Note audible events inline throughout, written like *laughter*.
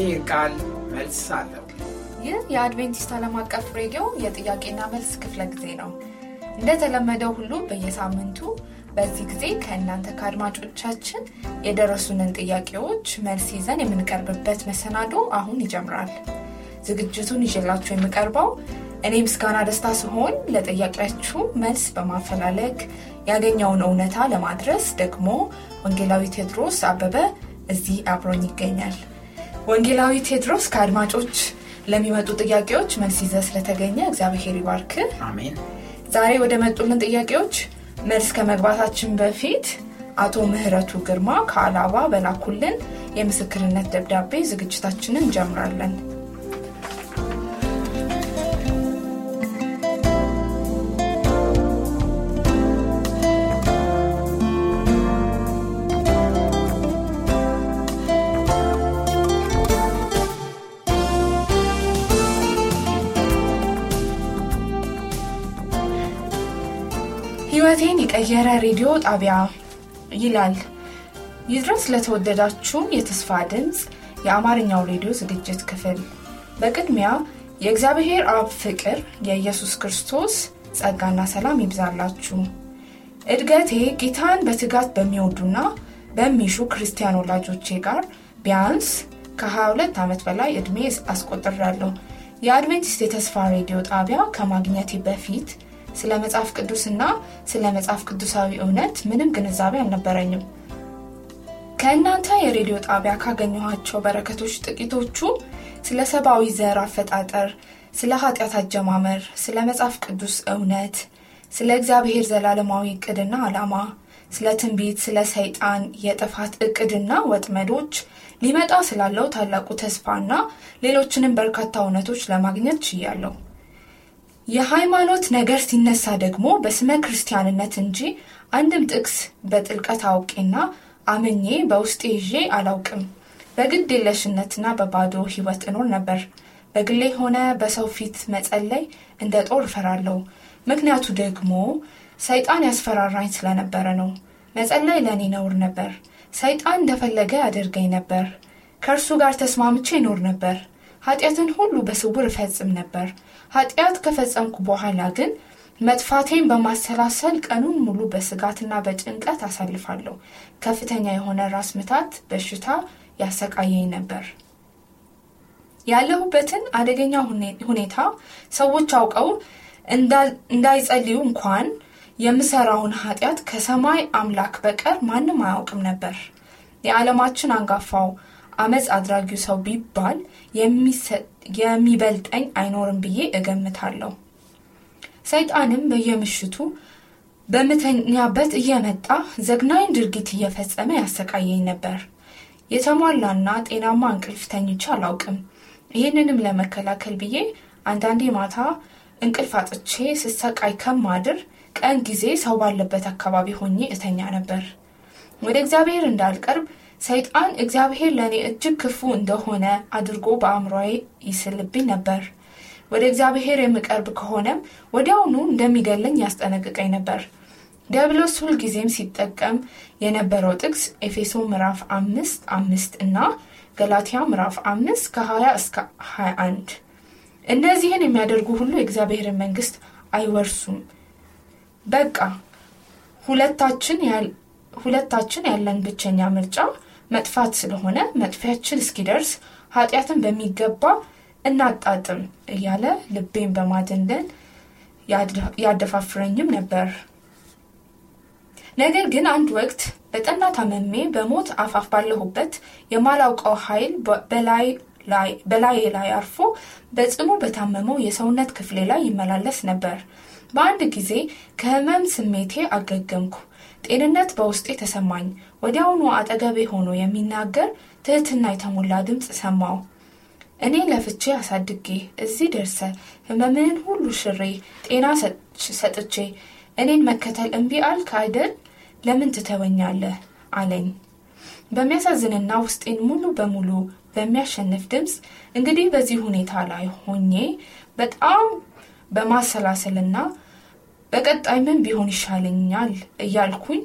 የእግዚአብሔር ቃል መልስ አለው። ይህ የአድቬንቲስት ዓለም አቀፍ ሬዲዮ የጥያቄና መልስ ክፍለ ጊዜ ነው። እንደተለመደው ሁሉ በየሳምንቱ በዚህ ጊዜ ከእናንተ ከአድማጮቻችን የደረሱንን ጥያቄዎች መልስ ይዘን የምንቀርብበት መሰናዶ አሁን ይጀምራል። ዝግጅቱን ይዤላችሁ የምቀርበው እኔ ምስጋና ደስታ ሲሆን ለጥያቄያችሁ መልስ በማፈላለግ ያገኘውን እውነታ ለማድረስ ደግሞ ወንጌላዊ ቴድሮስ አበበ እዚህ አብሮኝ ይገኛል። ወንጌላዊ ቴድሮስ ከአድማጮች ለሚመጡ ጥያቄዎች መልስ ይዘ ስለተገኘ እግዚአብሔር ይባርክ አሜን ዛሬ ወደ መጡልን ጥያቄዎች መልስ ከመግባታችን በፊት አቶ ምህረቱ ግርማ ከአላባ በላኩልን የምስክርነት ደብዳቤ ዝግጅታችንን እንጀምራለን ሕይወቴን የቀየረ ሬዲዮ ጣቢያ ይላል። ይድረስ ለተወደዳችሁም የተስፋ ድምፅ የአማርኛው ሬዲዮ ዝግጅት ክፍል በቅድሚያ የእግዚአብሔር አብ ፍቅር፣ የኢየሱስ ክርስቶስ ጸጋና ሰላም ይብዛላችሁ። እድገቴ ጌታን በትጋት በሚወዱና በሚሹ ክርስቲያን ወላጆቼ ጋር ቢያንስ ከ22 ዓመት በላይ ዕድሜ አስቆጥሬያለሁ። የአድቬንቲስት የተስፋ ሬዲዮ ጣቢያ ከማግኘቴ በፊት ስለ መጽሐፍ ቅዱስና ስለ መጽሐፍ ቅዱሳዊ እውነት ምንም ግንዛቤ አልነበረኝም። ከእናንተ የሬዲዮ ጣቢያ ካገኘኋቸው በረከቶች ጥቂቶቹ ስለ ሰብአዊ ዘር አፈጣጠር፣ ስለ ኃጢአት አጀማመር፣ ስለ መጽሐፍ ቅዱስ እውነት፣ ስለ እግዚአብሔር ዘላለማዊ እቅድና ዓላማ፣ ስለ ትንቢት፣ ስለ ሰይጣን የጥፋት እቅድና ወጥመዶች፣ ሊመጣ ስላለው ታላቁ ተስፋና ሌሎችንም በርካታ እውነቶች ለማግኘት ችያለሁ። የሃይማኖት ነገር ሲነሳ ደግሞ በስመ ክርስቲያንነት እንጂ አንድም ጥቅስ በጥልቀት አውቄና አምኜ በውስጤ ይዤ አላውቅም። በግድ የለሽነትና በባዶ ህይወት እኖር ነበር። በግሌ ሆነ በሰው ፊት መጸለይ እንደ ጦር እፈራለሁ። ምክንያቱ ደግሞ ሰይጣን ያስፈራራኝ ስለነበረ ነው። መጸለይ ለእኔ ነውር ነበር። ሰይጣን እንደፈለገ ያደርገኝ ነበር። ከእርሱ ጋር ተስማምቼ ይኖር ነበር። ኃጢአትን ሁሉ በስውር እፈጽም ነበር። ኃጢአት ከፈጸምኩ በኋላ ግን መጥፋቴን በማሰላሰል ቀኑን ሙሉ በስጋትና በጭንቀት አሳልፋለሁ። ከፍተኛ የሆነ ራስ ምታት በሽታ ያሰቃየኝ ነበር። ያለሁበትን አደገኛ ሁኔታ ሰዎች አውቀው እንዳይጸልዩ እንኳን የምሰራውን ኃጢአት ከሰማይ አምላክ በቀር ማንም አያውቅም ነበር። የዓለማችን አንጋፋው አመፅ አድራጊው ሰው ቢባል የሚበልጠኝ አይኖርም ብዬ እገምታለሁ። ሰይጣንም በየምሽቱ በምተኛበት እየመጣ ዘግናኝ ድርጊት እየፈጸመ ያሰቃየኝ ነበር። የተሟላና ጤናማ እንቅልፍ ተኝቼ አላውቅም። ይህንንም ለመከላከል ብዬ አንዳንዴ ማታ እንቅልፍ አጥቼ ስሰቃይ ከማድር ቀን ጊዜ ሰው ባለበት አካባቢ ሆኜ እተኛ ነበር። ወደ እግዚአብሔር እንዳልቀርብ ሰይጣን እግዚአብሔር ለእኔ እጅግ ክፉ እንደሆነ አድርጎ በአእምሮዬ ይስልብኝ ነበር። ወደ እግዚአብሔር የምቀርብ ከሆነም ወዲያውኑ እንደሚገለኝ ያስጠነቅቀኝ ነበር። ዲያብሎስ ሁልጊዜም ሲጠቀም የነበረው ጥቅስ ኤፌሶ ምዕራፍ አምስት አምስት እና ገላትያ ምዕራፍ አምስት ከ20 እስከ 21 እነዚህን የሚያደርጉ ሁሉ የእግዚአብሔርን መንግስት አይወርሱም። በቃ ሁለታችን ያለን ብቸኛ ምርጫ መጥፋት ስለሆነ መጥፊያችን እስኪደርስ ኃጢአትን በሚገባ እናጣጥም እያለ ልቤን በማደንደን ያደፋፍረኝም ነበር ነገር ግን አንድ ወቅት በጠና ታመሜ በሞት አፋፍ ባለሁበት የማላውቀው ኃይል በላይ ላይ አርፎ በጽኑ በታመመው የሰውነት ክፍሌ ላይ ይመላለስ ነበር በአንድ ጊዜ ከህመም ስሜቴ አገገምኩ ጤንነት በውስጤ ተሰማኝ ወዲያውኑ አጠገቤ ሆኖ የሚናገር ትህትና የተሞላ ድምፅ ሰማው እኔ ለፍቼ አሳድጌ እዚህ ደርሰ ህመምህን ሁሉ ሽሬ ጤና ሰጥቼ እኔን መከተል እምቢ አልክ አይደል? ለምን ትተወኛለህ? አለኝ በሚያሳዝንና ውስጤን ሙሉ በሙሉ በሚያሸንፍ ድምፅ። እንግዲህ በዚህ ሁኔታ ላይ ሆኜ በጣም በማሰላሰልና በቀጣይ ምን ቢሆን ይሻለኛል እያልኩኝ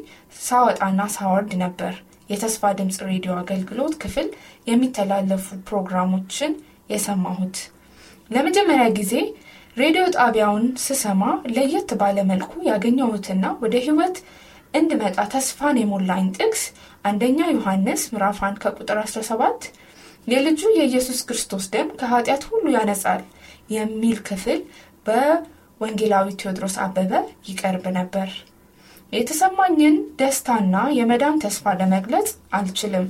ሳወጣና ሳወርድ ነበር። የተስፋ ድምፅ ሬዲዮ አገልግሎት ክፍል የሚተላለፉ ፕሮግራሞችን የሰማሁት። ለመጀመሪያ ጊዜ ሬዲዮ ጣቢያውን ስሰማ ለየት ባለመልኩ ያገኘሁትና ወደ ህይወት እንድመጣ ተስፋን የሞላኝ ጥቅስ አንደኛ ዮሐንስ ምራፋን ከቁጥር 17 የልጁ የኢየሱስ ክርስቶስ ደም ከኃጢአት ሁሉ ያነጻል የሚል ክፍል በ ወንጌላዊ ቴዎድሮስ አበበ ይቀርብ ነበር። የተሰማኝን ደስታና የመዳን ተስፋ ለመግለጽ አልችልም።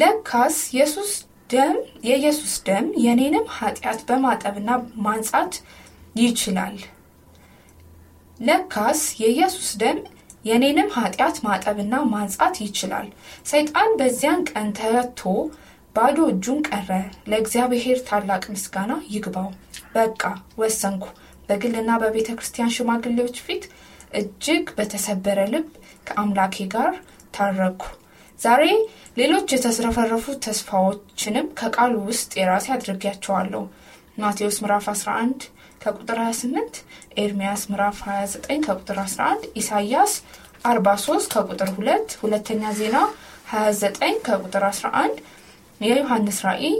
ለካስ የሱስ ደም የኢየሱስ ደም የኔንም ኃጢአት በማጠብና ማንጻት ይችላል። ለካስ የኢየሱስ ደም የኔንም ኃጢአት ማጠብና ማንጻት ይችላል። ሰይጣን በዚያን ቀን ተረቶ ባዶ እጁን ቀረ። ለእግዚአብሔር ታላቅ ምስጋና ይግባው። በቃ ወሰንኩ። በግልና በቤተ ክርስቲያን ሽማግሌዎች ፊት እጅግ በተሰበረ ልብ ከአምላኬ ጋር ታረኩ። ዛሬ ሌሎች የተስረፈረፉ ተስፋዎችንም ከቃሉ ውስጥ የራሴ አድርጌያቸዋለሁ። ማቴዎስ ምዕራፍ 11 ከቁጥር 28፣ ኤርሚያስ ምዕራፍ 29 ከቁጥር 11፣ ኢሳያስ 43 ከቁጥር 2፣ ሁለተኛ ዜና 29 ከቁጥር 11 የዮሐንስ ራእይ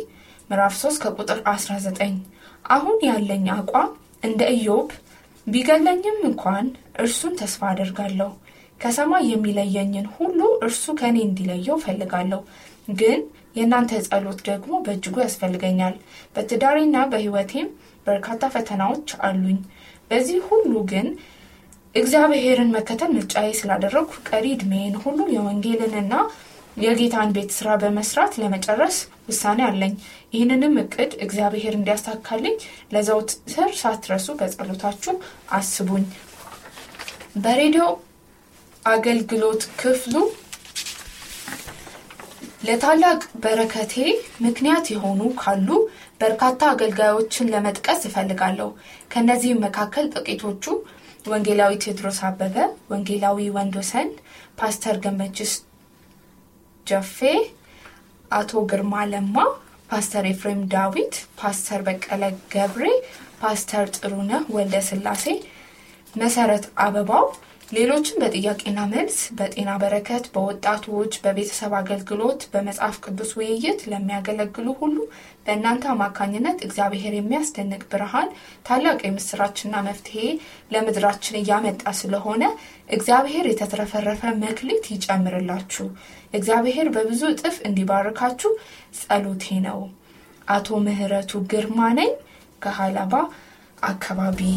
ምዕራፍ 3 ከቁጥር 19 አሁን ያለኝ አቋም እንደ ኢዮብ ቢገለኝም እንኳን እርሱን ተስፋ አደርጋለሁ ከሰማይ የሚለየኝን ሁሉ እርሱ ከእኔ እንዲለየው ፈልጋለሁ ግን የእናንተ ጸሎት ደግሞ በእጅጉ ያስፈልገኛል በትዳሬና በህይወቴም በርካታ ፈተናዎች አሉኝ በዚህ ሁሉ ግን እግዚአብሔርን መከተል ምርጫዬ ስላደረግኩ ቀሪ እድሜን ሁሉ የወንጌልንና የጌታን ቤት ስራ በመስራት ለመጨረስ ውሳኔ አለኝ። ይህንንም እቅድ እግዚአብሔር እንዲያሳካልኝ ስር ሳትረሱ በጸሎታችሁ አስቡኝ። በሬዲዮ አገልግሎት ክፍሉ ለታላቅ በረከቴ ምክንያት የሆኑ ካሉ በርካታ አገልጋዮችን ለመጥቀስ እፈልጋለሁ። ከእነዚህም መካከል ጥቂቶቹ ወንጌላዊ ቴዎድሮስ አበበ፣ ወንጌላዊ ወንዶሰን፣ ፓስተር ገመችስ ጀፌ፣ አቶ ግርማ ለማ፣ ፓስተር ኤፍሬም ዳዊት፣ ፓስተር በቀለ ገብሬ፣ ፓስተር ጥሩነህ ወልደ ስላሴ፣ መሰረት አበባው ሌሎችን በጥያቄና መልስ፣ በጤና በረከት፣ በወጣቶች፣ በቤተሰብ አገልግሎት፣ በመጽሐፍ ቅዱስ ውይይት ለሚያገለግሉ ሁሉ በእናንተ አማካኝነት እግዚአብሔር የሚያስደንቅ ብርሃን፣ ታላቅ የምስራችንና መፍትሄ ለምድራችን እያመጣ ስለሆነ እግዚአብሔር የተትረፈረፈ መክሊት ይጨምርላችሁ። እግዚአብሔር በብዙ እጥፍ እንዲባርካችሁ ጸሎቴ ነው። አቶ ምህረቱ ግርማ ነኝ ከሀላባ አካባቢ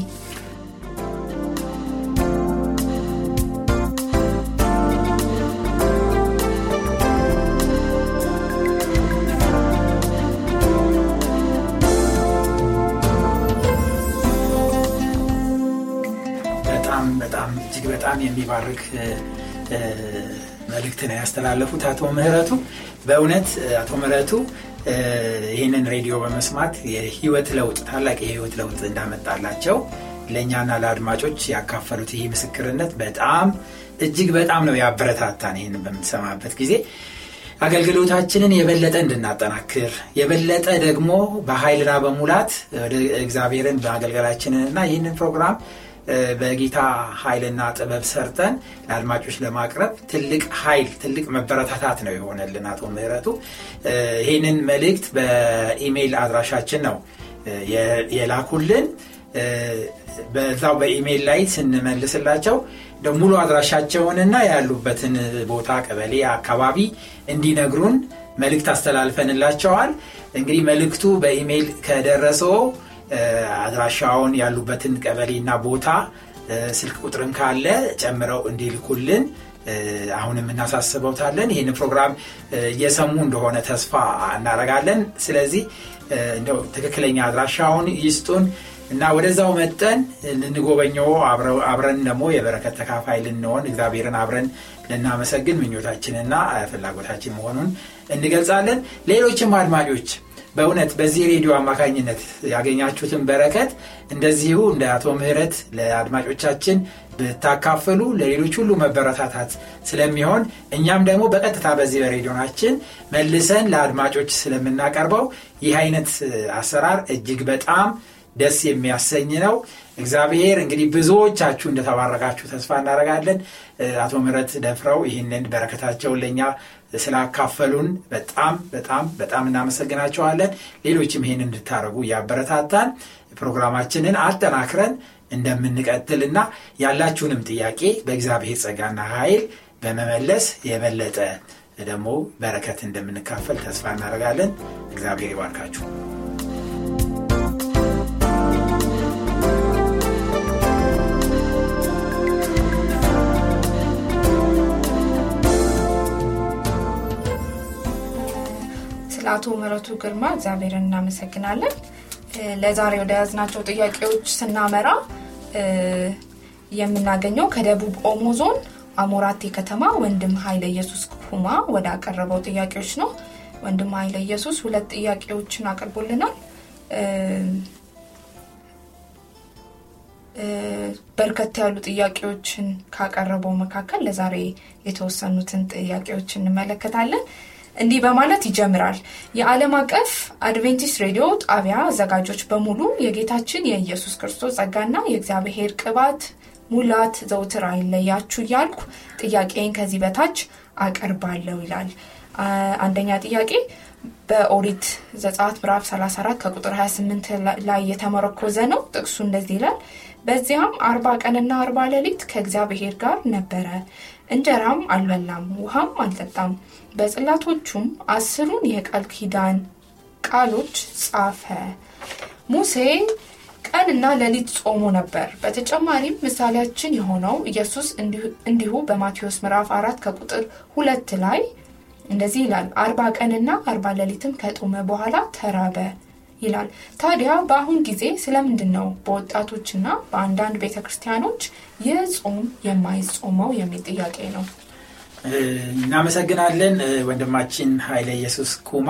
በጣም የሚባርክ መልእክት ነው ያስተላለፉት አቶ ምህረቱ። በእውነት አቶ ምህረቱ ይህንን ሬዲዮ በመስማት የህይወት ለውጥ ታላቅ የህይወት ለውጥ እንዳመጣላቸው ለእኛና ለአድማጮች ያካፈሉት ይህ ምስክርነት በጣም እጅግ በጣም ነው ያበረታታን። ይህን በምንሰማበት ጊዜ አገልግሎታችንን የበለጠ እንድናጠናክር የበለጠ ደግሞ በኃይልና በሙላት እግዚአብሔርን እና ይህንን ፕሮግራም በጌታ ኃይልና ጥበብ ሰርተን ለአድማጮች ለማቅረብ ትልቅ ኃይል ትልቅ መበረታታት ነው የሆነልን። አቶ ምህረቱ ይህንን መልእክት በኢሜይል አድራሻችን ነው የላኩልን። በዛው በኢሜይል ላይ ስንመልስላቸው ሙሉ አድራሻቸውንና ያሉበትን ቦታ ቀበሌ፣ አካባቢ እንዲነግሩን መልእክት አስተላልፈንላቸዋል። እንግዲህ መልእክቱ በኢሜይል ከደረሰው አድራሻውን ያሉበትን ቀበሌና ቦታ ስልክ ቁጥርን ካለ ጨምረው እንዲልኩልን አሁንም እናሳስበውታለን። ይህን ፕሮግራም እየሰሙ እንደሆነ ተስፋ እናደርጋለን። ስለዚህ እንደው ትክክለኛ አድራሻውን ይስጡን እና ወደዛው መጠን ልንጎበኘው አብረን ደግሞ የበረከት ተካፋይ ልንሆን እግዚአብሔርን አብረን ልናመሰግን ምኞታችንና ፍላጎታችን መሆኑን እንገልጻለን። ሌሎችም አድማጮች በእውነት በዚህ ሬዲዮ አማካኝነት ያገኛችሁትን በረከት እንደዚሁ እንደ አቶ ምህረት ለአድማጮቻችን ብታካፈሉ ለሌሎች ሁሉ መበረታታት ስለሚሆን እኛም ደግሞ በቀጥታ በዚህ በሬዲዮናችን መልሰን ለአድማጮች ስለምናቀርበው ይህ አይነት አሰራር እጅግ በጣም ደስ የሚያሰኝ ነው እግዚአብሔር እንግዲህ ብዙዎቻችሁ እንደተባረካችሁ ተስፋ እናደረጋለን አቶ ምረት ደፍረው ይህንን በረከታቸውን ለእኛ ስላካፈሉን በጣም በጣም በጣም እናመሰግናቸዋለን። ሌሎችም ይህን እንድታደረጉ ያበረታታን ፕሮግራማችንን አጠናክረን እና ያላችሁንም ጥያቄ በእግዚአብሔር ጸጋና ኃይል በመመለስ የበለጠ ደግሞ በረከት እንደምንካፈል ተስፋ እናደርጋለን። እግዚአብሔር ይባርካችሁ። ስለ አቶ ግርማ እግዚአብሔርን እናመሰግናለን። ለዛሬ ወደ ያዝናቸው ጥያቄዎች ስናመራ የምናገኘው ከደቡብ ኦሞ ዞን አሞራቴ ከተማ ወንድም ኃይለ ኢየሱስ ሁማ ወደ አቀረበው ጥያቄዎች ነው። ወንድም ኃይለ ኢየሱስ ሁለት ጥያቄዎችን አቅርቦልናል። በርከት ያሉ ጥያቄዎችን ካቀረበው መካከል ለዛሬ የተወሰኑትን ጥያቄዎች እንመለከታለን። እንዲህ በማለት ይጀምራል። የዓለም አቀፍ አድቬንቲስት ሬዲዮ ጣቢያ አዘጋጆች በሙሉ የጌታችን የኢየሱስ ክርስቶስ ጸጋና የእግዚአብሔር ቅባት ሙላት ዘውትር አይለያችሁ እያልኩ ጥያቄን ከዚህ በታች አቀርባለሁ ይላል። አንደኛ ጥያቄ በኦሪት ዘጻት ምዕራፍ 34 ከቁጥር 28 ላይ የተመረኮዘ ነው። ጥቅሱ እንደዚህ ይላል በዚያም አርባ ቀንና አርባ ሌሊት ከእግዚአብሔር ጋር ነበረ። እንጀራም አልበላም፣ ውሃም አልጠጣም። በጽላቶቹም አስሩን የቃል ኪዳን ቃሎች ጻፈ። ሙሴ ቀንና ለሊት ጾሞ ነበር። በተጨማሪም ምሳሌያችን የሆነው ኢየሱስ እንዲሁ በማቴዎስ ምዕራፍ አራት ከቁጥር ሁለት ላይ እንደዚህ ይላል፣ አርባ ቀንና አርባ ሌሊትም ከጦመ በኋላ ተራበ ይላል። ታዲያ በአሁን ጊዜ ስለምንድን ነው በወጣቶችና በአንዳንድ ቤተ ክርስቲያኖች ይህ ጾም የማይጾመው የሚል ጥያቄ ነው። እናመሰግናለን ወንድማችን ሀይለ ኢየሱስ ኩማ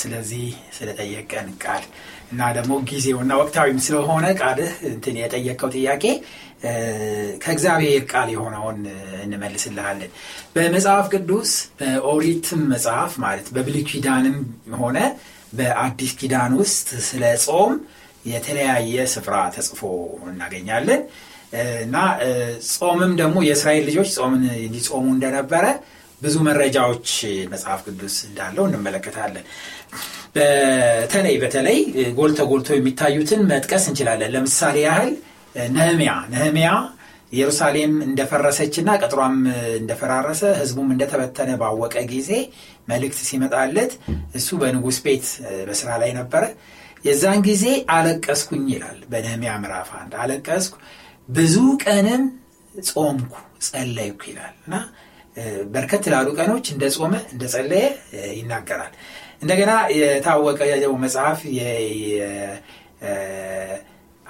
ስለዚህ ስለጠየቀን ቃል እና ደግሞ ጊዜውና ወቅታዊም ስለሆነ ቃልህ እንትን የጠየቀው ጥያቄ ከእግዚአብሔር ቃል የሆነውን እንመልስልሃለን በመጽሐፍ ቅዱስ በኦሪትም መጽሐፍ ማለት በብል ኪዳንም ሆነ በአዲስ ኪዳን ውስጥ ስለ ጾም የተለያየ ስፍራ ተጽፎ እናገኛለን እና ጾምም ደግሞ የእስራኤል ልጆች ጾምን ሊጾሙ እንደነበረ ብዙ መረጃዎች መጽሐፍ ቅዱስ እንዳለው እንመለከታለን። በተለይ በተለይ ጎልተ ጎልቶ የሚታዩትን መጥቀስ እንችላለን። ለምሳሌ ያህል ነህሚያ ነህሚያ ኢየሩሳሌም እንደፈረሰችና ቀጥሯም እንደፈራረሰ ህዝቡም እንደተበተነ ባወቀ ጊዜ መልእክት ሲመጣለት እሱ በንጉስ ቤት በስራ ላይ ነበረ። የዛን ጊዜ አለቀስኩኝ ይላል በነህሚያ ምራፍ አንድ አለቀስኩ ብዙ ቀንም ጾምኩ ጸለይኩ ይላል እና በርከት ላሉ ቀኖች እንደ ጾመ እንደ ጸለየ ይናገራል እንደገና የታወቀ መጽሐፍ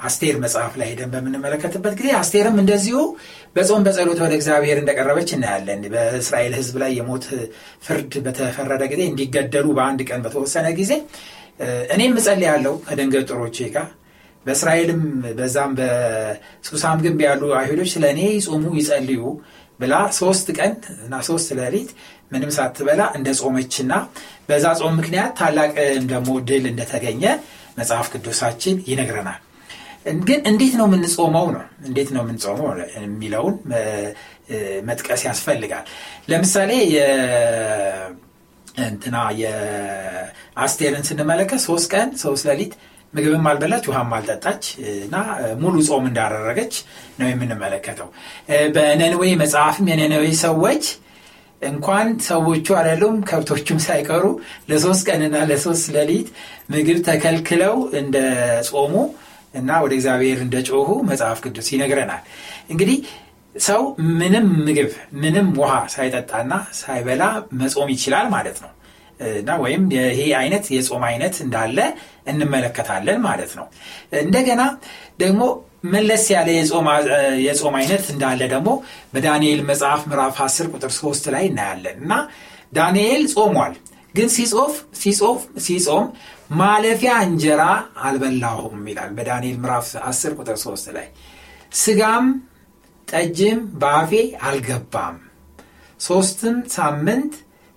አስቴር መጽሐፍ ላይ ሄደን በምንመለከትበት ጊዜ አስቴርም እንደዚሁ በጾም በጸሎት ወደ እግዚአብሔር እንደቀረበች እናያለን በእስራኤል ህዝብ ላይ የሞት ፍርድ በተፈረደ ጊዜ እንዲገደሉ በአንድ ቀን በተወሰነ ጊዜ እኔም እጸልያለሁ ከደንገጥሮቼ ጋር በእስራኤልም በዛም በሱሳም ግንብ ያሉ አይሁዶች ስለ እኔ ይጾሙ ይጸልዩ ብላ ሶስት ቀን እና ሶስት ለሊት ምንም ሳትበላ እንደ ጾመችና በዛ ጾም ምክንያት ታላቅ ደግሞ ድል እንደተገኘ መጽሐፍ ቅዱሳችን ይነግረናል። ግን እንዴት ነው የምንጾመው ነው እንዴት ነው የምንጾመው የሚለውን መጥቀስ ያስፈልጋል። ለምሳሌ እንትና የአስቴርን ስንመለከት ሶስት ቀን ሶስት ለሊት ምግብም አልበላች ውሃም አልጠጣች እና ሙሉ ጾም እንዳደረገች ነው የምንመለከተው። በነንዌ መጽሐፍም የነንዌ ሰዎች እንኳን ሰዎቹ አለሉም ከብቶቹም ሳይቀሩ ለሶስት ቀንና ለሶስት ሌሊት ምግብ ተከልክለው እንደ ጾሙ እና ወደ እግዚአብሔር እንደ ጮሁ መጽሐፍ ቅዱስ ይነግረናል። እንግዲህ ሰው ምንም ምግብ ምንም ውሃ ሳይጠጣና ሳይበላ መጾም ይችላል ማለት ነው። እና ወይም ይሄ አይነት የጾም አይነት እንዳለ እንመለከታለን ማለት ነው። እንደገና ደግሞ መለስ ያለ የጾም አይነት እንዳለ ደግሞ በዳንኤል መጽሐፍ ምዕራፍ 10 ቁጥር 3 ላይ እናያለን እና ዳንኤል ጾሟል ግን ሲጾፍ ሲጾፍ ሲጾም ማለፊያ እንጀራ አልበላሁም ይላል በዳንኤል ምዕራፍ 10 ቁጥር 3 ላይ ስጋም ጠጅም በአፌ አልገባም ሶስትም ሳምንት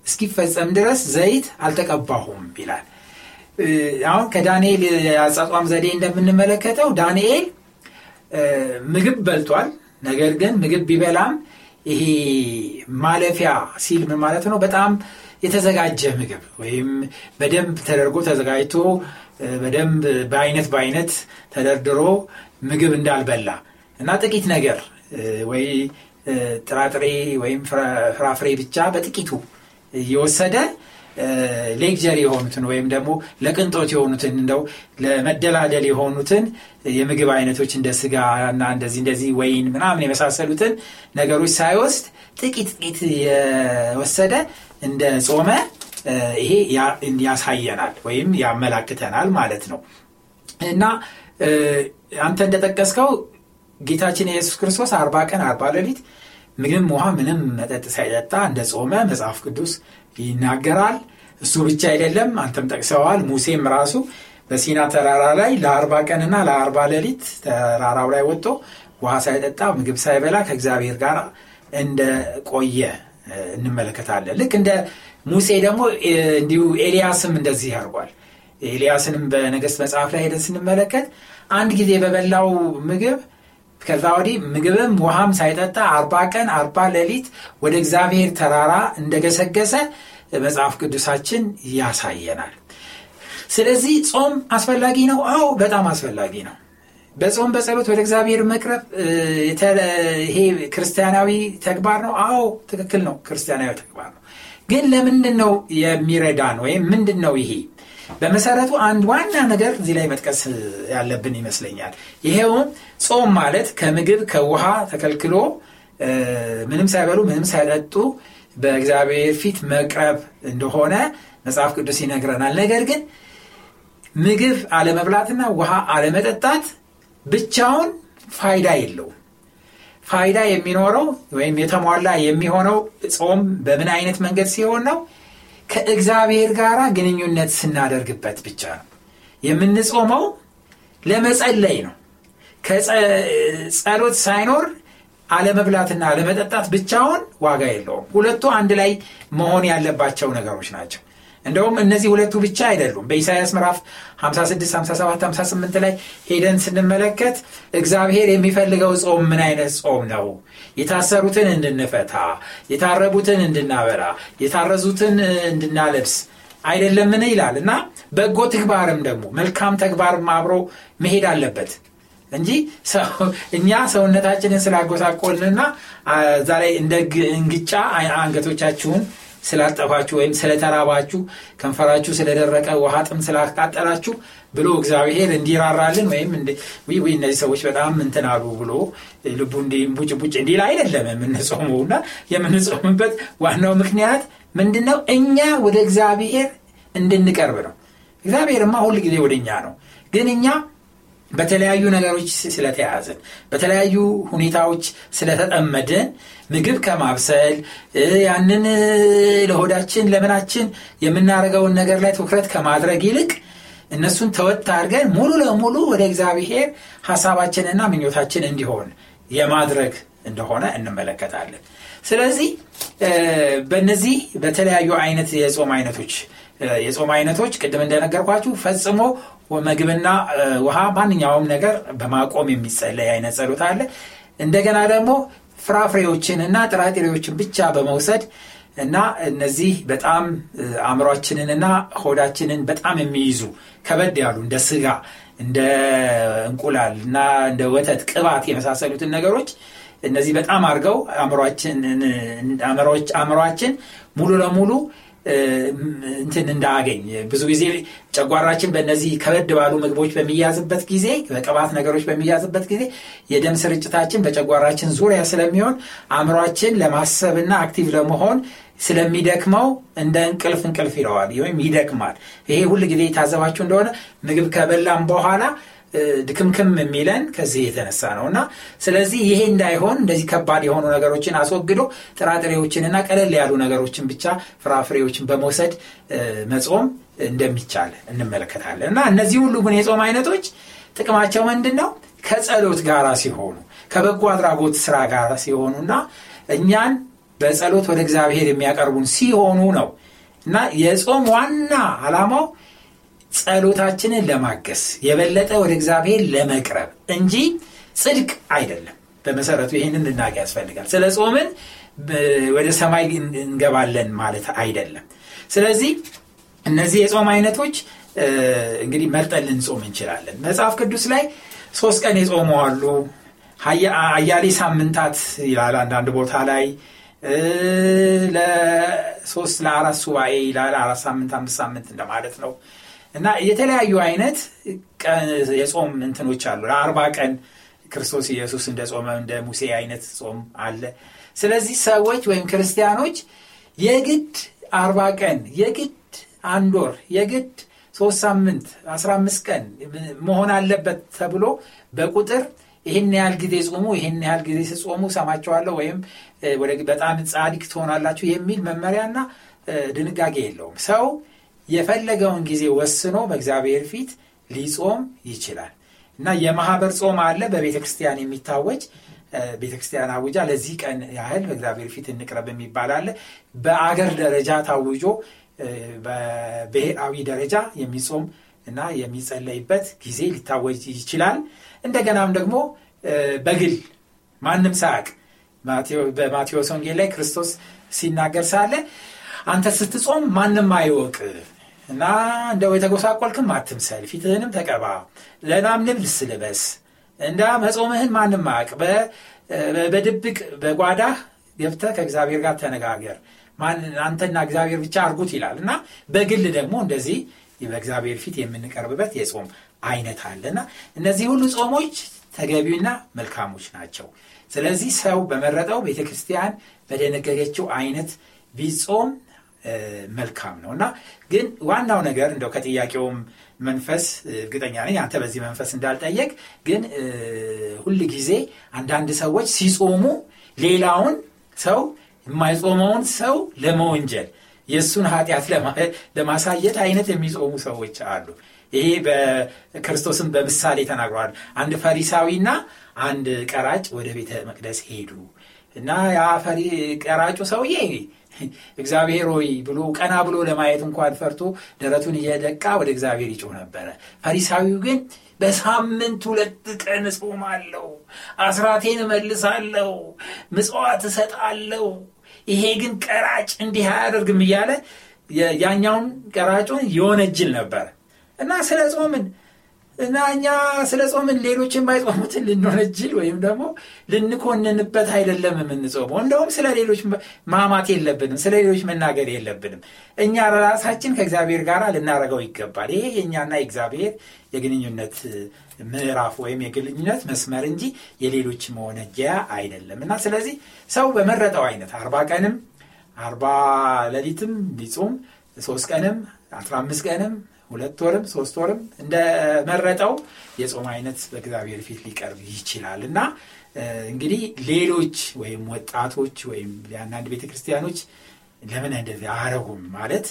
እስኪፈጸም ድረስ ዘይት አልተቀባሁም ይላል። አሁን ከዳንኤል የአጻጧም ዘዴ እንደምንመለከተው ዳንኤል ምግብ በልቷል። ነገር ግን ምግብ ቢበላም ይሄ ማለፊያ ሲል ምን ማለት ነው? በጣም የተዘጋጀ ምግብ ወይም በደንብ ተደርጎ ተዘጋጅቶ በደንብ በአይነት በአይነት ተደርድሮ ምግብ እንዳልበላ እና ጥቂት ነገር ወይ ጥራጥሬ ወይም ፍራፍሬ ብቻ በጥቂቱ እየወሰደ ሌግጀሪ የሆኑትን ወይም ደግሞ ለቅንጦት የሆኑትን እንደው ለመደላደል የሆኑትን የምግብ አይነቶች እንደ ስጋ እና እንደዚህ እንደዚህ ወይን ምናምን የመሳሰሉትን ነገሮች ሳይወስድ ጥቂት ጥቂት የወሰደ እንደ ጾመ ይሄ ያሳየናል ወይም ያመላክተናል ማለት ነው እና አንተ እንደጠቀስከው ጌታችን ኢየሱስ ክርስቶስ አርባ ቀን አርባ ሌሊት ምግብም ውሃ ምንም መጠጥ ሳይጠጣ እንደ ጾመ መጽሐፍ ቅዱስ ይናገራል። እሱ ብቻ አይደለም፣ አንተም ጠቅሰዋል። ሙሴም ራሱ በሲና ተራራ ላይ ለአርባ ቀንና ለአርባ ሌሊት ተራራው ላይ ወጥቶ ውሃ ሳይጠጣ ምግብ ሳይበላ ከእግዚአብሔር ጋር እንደቆየ እንመለከታለን። ልክ እንደ ሙሴ ደግሞ እንዲሁ ኤልያስም እንደዚህ ያርጓል ኤልያስንም በነገስት መጽሐፍ ላይ ሄደን ስንመለከት አንድ ጊዜ በበላው ምግብ ከዛ ወዲህ ምግብም ውሃም ሳይጠጣ አርባ ቀን አርባ ሌሊት ወደ እግዚአብሔር ተራራ እንደገሰገሰ መጽሐፍ ቅዱሳችን ያሳየናል። ስለዚህ ጾም አስፈላጊ ነው። አዎ በጣም አስፈላጊ ነው። በጾም በጸሎት ወደ እግዚአብሔር መቅረብ ይሄ ክርስቲያናዊ ተግባር ነው። አዎ ትክክል ነው፣ ክርስቲያናዊ ተግባር ነው። ግን ለምንድን ነው የሚረዳን ወይም ምንድን ነው ይሄ በመሰረቱ አንድ ዋና ነገር እዚህ ላይ መጥቀስ ያለብን ይመስለኛል። ይሄውም ጾም ማለት ከምግብ ከውሃ ተከልክሎ ምንም ሳይበሉ ምንም ሳይጠጡ በእግዚአብሔር ፊት መቅረብ እንደሆነ መጽሐፍ ቅዱስ ይነግረናል። ነገር ግን ምግብ አለመብላትና ውሃ አለመጠጣት ብቻውን ፋይዳ የለውም። ፋይዳ የሚኖረው ወይም የተሟላ የሚሆነው ጾም በምን አይነት መንገድ ሲሆን ነው? ከእግዚአብሔር ጋር ግንኙነት ስናደርግበት ብቻ ነው የምንጾመው ለመጸለይ ነው ከጸሎት ሳይኖር አለመብላትና አለመጠጣት ብቻውን ዋጋ የለውም ሁለቱ አንድ ላይ መሆን ያለባቸው ነገሮች ናቸው እንደውም እነዚህ ሁለቱ ብቻ አይደሉም በኢሳያስ ምዕራፍ 56 57 58 ላይ ሄደን ስንመለከት እግዚአብሔር የሚፈልገው ጾም ምን አይነት ጾም ነው የታሰሩትን እንድንፈታ የታረቡትን እንድናበላ የታረዙትን እንድናለብስ አይደለምን ይላል እና በጎ ትግባርም ደግሞ መልካም ተግባርም አብሮ መሄድ አለበት እንጂ *laughs* እኛ ሰውነታችንን ስላጎሳቆልንና እዛ ላይ እንደ እንግጫ አንገቶቻችሁን ስላጠፋችሁ ወይም ስለተራባችሁ ከንፈራችሁ ስለደረቀ ውሃ ጥም ስላቃጠላችሁ ብሎ እግዚአብሔር እንዲራራልን ወይም እነዚህ ሰዎች በጣም እንትን አሉ ብሎ ልቡ ቡጭቡጭ እንዲል አይደለም የምንጾመው እና የምንጾምበት ዋናው ምክንያት ምንድነው እኛ ወደ እግዚአብሔር እንድንቀርብ ነው እግዚአብሔርማ ሁል ጊዜ ወደ እኛ ነው ግን እኛ በተለያዩ ነገሮች ስለተያዝን በተለያዩ ሁኔታዎች ስለተጠመድን ምግብ ከማብሰል ያንን ለሆዳችን ለምናችን የምናደርገውን ነገር ላይ ትኩረት ከማድረግ ይልቅ እነሱን ተወጥ አድርገን ሙሉ ለሙሉ ወደ እግዚአብሔር ሀሳባችንና ምኞታችን እንዲሆን የማድረግ እንደሆነ እንመለከታለን ስለዚህ በነዚህ በተለያዩ አይነት የጾም አይነቶች የጾም አይነቶች ቅድም እንደነገርኳችሁ ፈጽሞ ምግብና ውሃ ማንኛውም ነገር በማቆም የሚጸለይ አይነት ጸሎት አለ። እንደገና ደግሞ ፍራፍሬዎችን እና ጥራጥሬዎችን ብቻ በመውሰድ እና እነዚህ በጣም አእምሯችንን እና ሆዳችንን በጣም የሚይዙ ከበድ ያሉ እንደ ስጋ፣ እንደ እንቁላል እና እንደ ወተት ቅባት የመሳሰሉትን ነገሮች እነዚህ በጣም አድርገው አእምሯችን ሙሉ ለሙሉ እንትን እንዳገኝ ብዙ ጊዜ ጨጓራችን በእነዚህ ከበድ ባሉ ምግቦች በሚያዝበት ጊዜ በቅባት ነገሮች በሚያዝበት ጊዜ የደም ስርጭታችን በጨጓራችን ዙሪያ ስለሚሆን አእምሯችን ለማሰብና አክቲቭ ለመሆን ስለሚደክመው እንደ እንቅልፍ እንቅልፍ ይለዋል ወይም ይደክማል። ይሄ ሁል ጊዜ የታዘባችሁ እንደሆነ ምግብ ከበላም በኋላ ድክምክም የሚለን ከዚህ የተነሳ ነው እና ስለዚህ ይሄ እንዳይሆን እንደዚህ ከባድ የሆኑ ነገሮችን አስወግዶ ጥራጥሬዎችንና ቀለል ያሉ ነገሮችን ብቻ ፍራፍሬዎችን በመውሰድ መጾም እንደሚቻል እንመለከታለን እና እነዚህ ሁሉ ግን የጾም አይነቶች ጥቅማቸው ምንድን ነው ከጸሎት ጋር ሲሆኑ ከበጎ አድራጎት ስራ ጋር ሲሆኑና እኛን በጸሎት ወደ እግዚአብሔር የሚያቀርቡን ሲሆኑ ነው እና የጾም ዋና አላማው ጸሎታችንን ለማገስ የበለጠ ወደ እግዚአብሔር ለመቅረብ እንጂ ጽድቅ አይደለም። በመሰረቱ ይህንን ልናቅ ያስፈልጋል። ስለ ጾምን ወደ ሰማይ እንገባለን ማለት አይደለም። ስለዚህ እነዚህ የጾም አይነቶች እንግዲህ መርጠን ልንጾም እንችላለን። መጽሐፍ ቅዱስ ላይ ሶስት ቀን የጾሙ አሉ። አያሌ ሳምንታት ይላል አንዳንድ ቦታ ላይ ለሶስት ለአራት ሱባኤ ይላል። አራት ሳምንት፣ አምስት ሳምንት እንደማለት ነው። እና የተለያዩ አይነት የጾም እንትኖች አሉ አርባ ቀን ክርስቶስ ኢየሱስ እንደ ጾመ እንደ ሙሴ አይነት ጾም አለ ስለዚህ ሰዎች ወይም ክርስቲያኖች የግድ አርባ ቀን የግድ አንድ ወር የግድ ሶስት ሳምንት አስራ አምስት ቀን መሆን አለበት ተብሎ በቁጥር ይህን ያህል ጊዜ ጾሙ ይህን ያህል ጊዜ ስጾሙ ሰማቸዋለሁ ወይም በጣም ጻዲቅ ትሆናላችሁ የሚል መመሪያና ድንጋጌ የለውም ሰው የፈለገውን ጊዜ ወስኖ በእግዚአብሔር ፊት ሊጾም ይችላል እና የማህበር ጾም አለ በቤተ ክርስቲያን የሚታወጅ ቤተ ክርስቲያን አውጃ ለዚህ ቀን ያህል በእግዚአብሔር ፊት እንቅረብ የሚባል አለ በአገር ደረጃ ታውጆ በብሔራዊ ደረጃ የሚጾም እና የሚጸለይበት ጊዜ ሊታወጅ ይችላል እንደገናም ደግሞ በግል ማንም ሳያቅ በማቴዎስ ወንጌል ላይ ክርስቶስ ሲናገር ሳለ አንተ ስትጾም ማንም አይወቅ እና እንደው የተጎሳቆልክም አትምሰል፣ ፊትህንም ተቀባ፣ ለናም ልብስ ልበስ። እንዳ መጾምህን ማንም አቅ በድብቅ በጓዳህ ገብተ ከእግዚአብሔር ጋር ተነጋገር። አንተና እግዚአብሔር ብቻ አርጉት ይላል እና በግል ደግሞ እንደዚህ በእግዚአብሔር ፊት የምንቀርብበት የጾም አይነት እና እነዚህ ሁሉ ጾሞች ተገቢና መልካሞች ናቸው። ስለዚህ ሰው በመረጠው ቤተ ክርስቲያን በደነገገችው አይነት ቢጾም መልካም ነው እና ግን ዋናው ነገር እንደው ከጥያቄውም መንፈስ እርግጠኛ ነኝ አንተ በዚህ መንፈስ እንዳልጠየቅ ግን ሁል ጊዜ አንዳንድ ሰዎች ሲጾሙ ሌላውን ሰው የማይጾመውን ሰው ለመወንጀል የእሱን ኃጢአት ለማሳየት አይነት የሚጾሙ ሰዎች አሉ ይሄ በክርስቶስን በምሳሌ ተናግረዋል አንድ ፈሪሳዊና አንድ ቀራጭ ወደ ቤተ መቅደስ ሄዱ እና ያ ቀራጩ ሰውዬ እግዚአብሔር ሆይ ብሎ ቀና ብሎ ለማየት እንኳን ፈርቶ ደረቱን እየደቃ ወደ እግዚአብሔር ይጮህ ነበረ። ፈሪሳዊው ግን በሳምንት ሁለት ቀን እጾማለሁ፣ አስራቴን እመልሳለሁ፣ ምጽዋት እሰጣለሁ፣ ይሄ ግን ቀራጭ እንዲህ አያደርግም እያለ ያኛውን ቀራጩን እጅል ነበረ እና ስለ ጾምን እና እኛ ስለ ጾምን ሌሎች የማይጾሙትን ልንወነጅል ወይም ደግሞ ልንኮንንበት አይደለም የምንጾመው። እንደውም ስለ ሌሎች ማማት የለብንም፣ ስለ ሌሎች መናገር የለብንም። እኛ ራሳችን ከእግዚአብሔር ጋር ልናደረገው ይገባል። ይሄ የእኛና የእግዚአብሔር የግንኙነት ምዕራፍ ወይም የግንኙነት መስመር እንጂ የሌሎች መወነጀያ አይደለም። እና ስለዚህ ሰው በመረጠው አይነት አርባ ቀንም አርባ ሌሊትም ቢጾም ሶስት ቀንም አስራ አምስት ቀንም ሁለት ወርም ሶስት ወርም እንደመረጠው የጾም አይነት በእግዚአብሔር ፊት ሊቀርብ ይችላል እና እንግዲህ ሌሎች ወይም ወጣቶች ወይም አንዳንድ ቤተ ክርስቲያኖች ለምን እንደዚህ አረጉም ማለት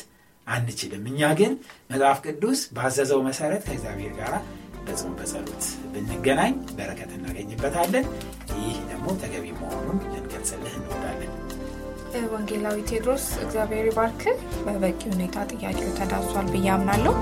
አንችልም። እኛ ግን መጽሐፍ ቅዱስ ባዘዘው መሰረት ከእግዚአብሔር ጋር በጾም በጸሎት ብንገናኝ በረከት እናገኝበታለን። ይህ ደግሞ ተገቢ መሆኑን ልንገልጽልህ ነው። ወንጌላዊ ቴድሮስ እግዚአብሔር ይባርክ በበቂ ሁኔታ ጥያቄው ተዳሷል ብዬ አምናለሁ።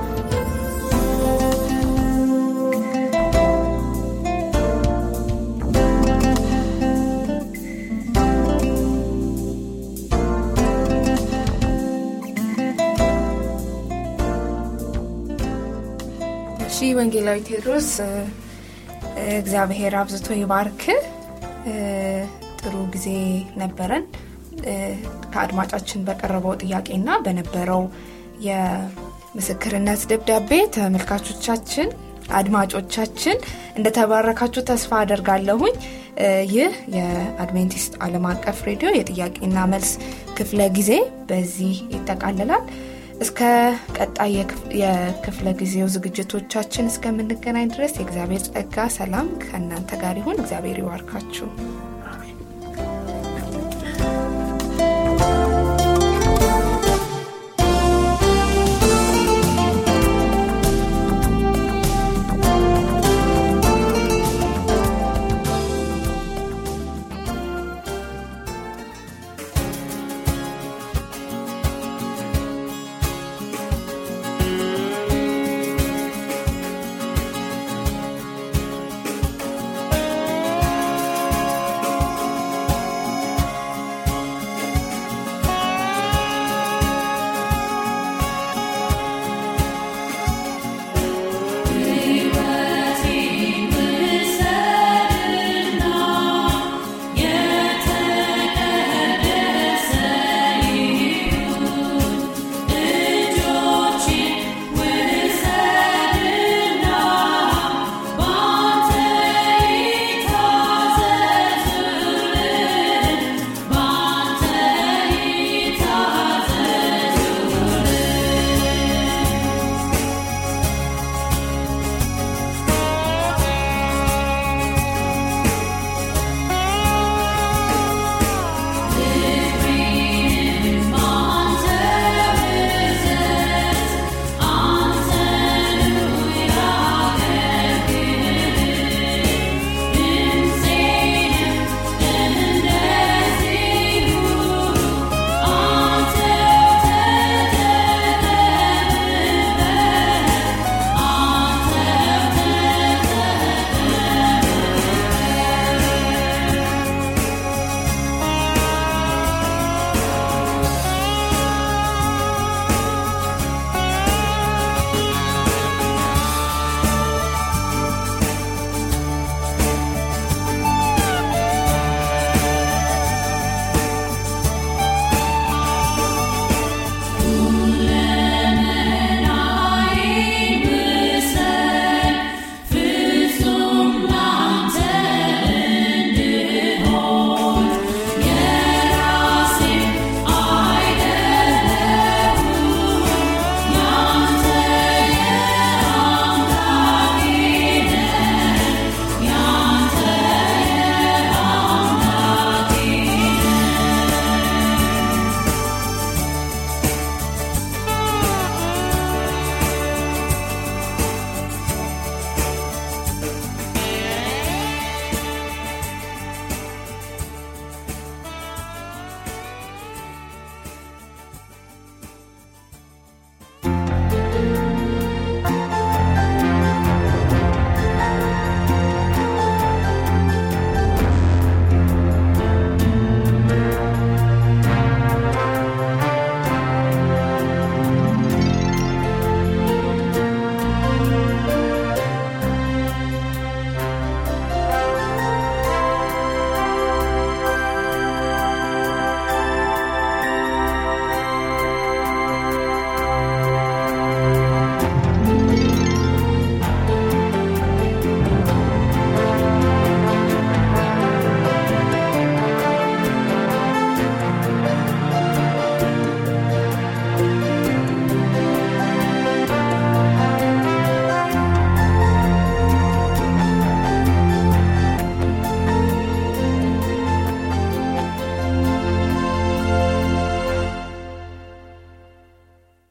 እሺ ወንጌላዊ ቴድሮስ እግዚአብሔር አብዝቶ ይባርክ። ጥሩ ጊዜ ነበረን። ከአድማጫችን በቀረበው ጥያቄና በነበረው የምስክርነት ደብዳቤ ተመልካቾቻችን አድማጮቻችን እንደተባረካችሁ ተስፋ አደርጋለሁኝ ይህ የአድቬንቲስት ዓለም አቀፍ ሬዲዮ የጥያቄና መልስ ክፍለ ጊዜ በዚህ ይጠቃልላል እስከ ቀጣይ የክፍለ ጊዜው ዝግጅቶቻችን እስከምንገናኝ ድረስ የእግዚአብሔር ጸጋ ሰላም ከእናንተ ጋር ይሁን እግዚአብሔር ይዋርካችሁ